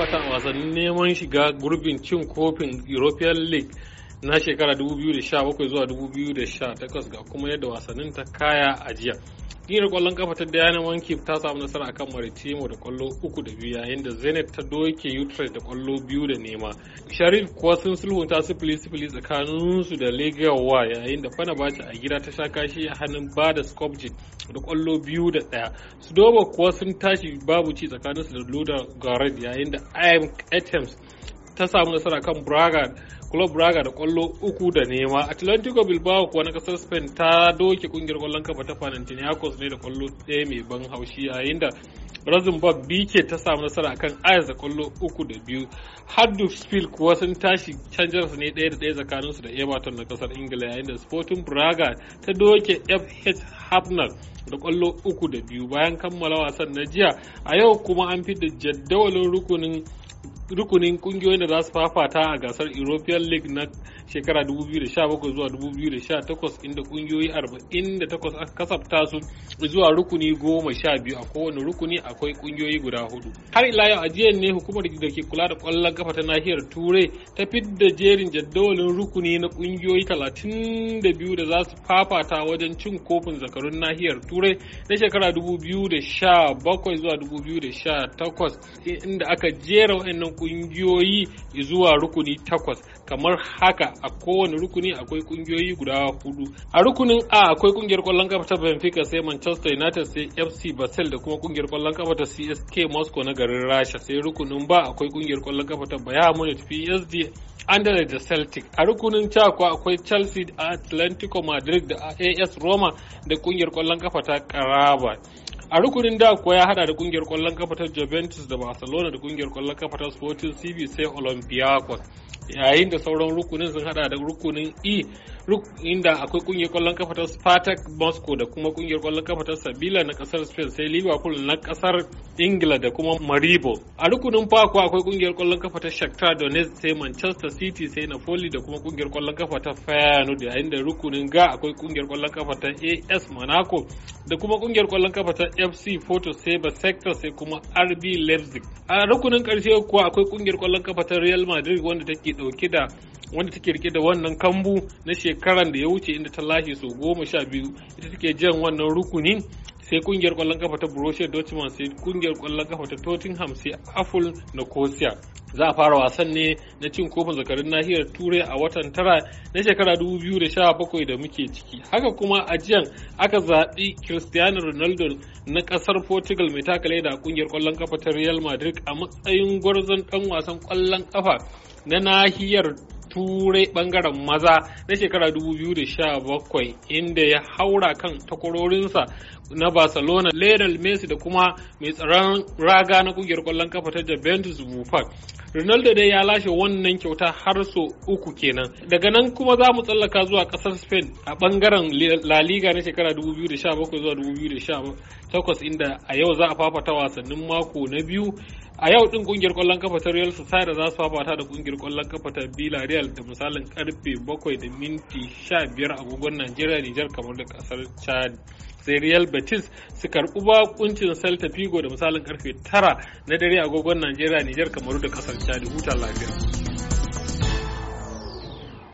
fafata a wasannin neman shiga gurbin cin kofin European League na shekara 2017 zuwa 2018 ga kuma yadda wasannin ta kaya a jiya. Hira kwallon kafa ta Diana wanki ta samu nasara akan Maritimo da kwallo uku da biyu yayin da Zenit ta doke Utrecht da kwallo biyu da nema. Sharif kuwa sun sulhunta sifili sifili tsakaninsu da Legawa yayin da Fenerbahce a gida ta sha kashi a hannun Bada Skopje da kwallo biyu da ɗaya. Sudoba kuwa sun tashi babu ci tsakaninsu da Luda Garad yayin da IM Athens ta samu nasara kan Braga Club Braga da kwallo uku da nema. Atlantico Bilbao kuwa na kasar Spain ta doke kungiyar kwallon kafa ta Panathinaikos ne da kwallo ɗaya mai ban haushi yayin da Rosenborg bike ta samu nasara akan Ayas da kwallo uku da biyu. Huddersfield kuwa sun tashi canjar su ne daya da daya ɗaya su da Everton na kasar Ingila yayin da Sporting Braga ta doke FH Hafnar da kwallo uku da biyu bayan kammala wasan na jiya a yau kuma an fi da jadawalin rukunin rukunin kungiyoyin da za su fafata a gasar european league na shekara 2017 zuwa 2018 inda kungiyoyi 48 aka kasafta su zuwa rukuni 12 a kowane rukuni akwai kungiyoyi guda hudu har ila yau ajiyar ne hukumar da ke kula da kwallon kafa ta nahiyar turai ta fidda jerin jadawalin rukuni na kungiyoyi 32 da za su fafata wajen cin kofin zakarun nahiyar turai na shekara 2017 zuwa 2018 inda aka jera waɗannan kungiyoyi zuwa rukuni takwas kamar haka a kowane rukuni akwai kungiyoyi guda hudu a rukunin a akwai kungiyar kwallon kafa ta benfica sai manchester united sai fc basel da kuma kungiyar kwallon kafa ta csk moscow na garin rasha sai rukunin ba akwai kungiyar kwallon kafa ta bayern munich psd Anderlecht da Celtic. A rukunin cakwa akwai Chelsea da Atlantico Madrid da AS Roma da kungiyar kwallon kafa ta Karaba. a rukunin da kuwa ya hada da kungiyar kwallon kafa ta Juventus da Barcelona da kungiyar kwallon kafa ta Sporting CB sai Olympiacos yayin da sauran rukunin sun hada da rukunin E inda akwai kungiyar kwallon kafa ta Spartak Moscow da kuma kungiyar kwallon kafa ta Sabila na kasar Spain sai Liverpool na kasar Ingila da kuma Maribo a rukunin F akwai kungiyar kwallon kafa ta Shakhtar Donetsk sai Manchester City sai Napoli da kuma kungiyar kwallon kafa ta Feyenoord yayin da rukunin Ga akwai kungiyar kwallon kafa ta AS Monaco da kuma kungiyar kwallon kafa ta fc photo seba sector sai kuma rb leipzig a rukunin karshe kuwa akwai kungiyar kwallon kafa ta real madrid wanda take dauke da wanda take rike da wannan kambu na shekaran da ya wuce inda ta lashe su goma sha biyu ita take jan wannan rukunin sai kungiyar kwallon kafa ta Borussia Dortmund sai kungiyar kwallon kafa ta Tottenham sai Apple na Kosiya za a fara wasan ne na cin kofin zakarin nahiyar turai a watan tara na shekara 2017 da da muke ciki haka kuma a jiyan aka zaɓi cristiano ronaldo na ƙasar portugal mai takale da kungiyar ƙwallon kafa ta real madrid a matsayin gwarzon ɗan wasan kwallon kafa na nahiyar turai bangaren maza na shekara 2017 inda ya haura kan takwarorinsa na barcelona lionel messi da kuma mai tsaron raga na kungiyar kwallon kafa ta juventus buffon ronaldo dai ya lashe wannan kyauta har so uku kenan daga nan kuma za mu tsallaka zuwa kasar spain a bangaren la liga na shekara 2017 zuwa 2018 inda a yau za a fafata wasannin mako na biyu a yau din kungiyar kwallon kafa ta real society za su fafata da kungiyar kwallon kafa ta villarreal da misalin karfe 7 da minti 15 agogon najeriya nijar kamar da kasar chad sai real betis su karbi bakuncin celta figo da misalin karfe 9 na dare agogon najeriya nijar kamar da kasar chad huta lafiya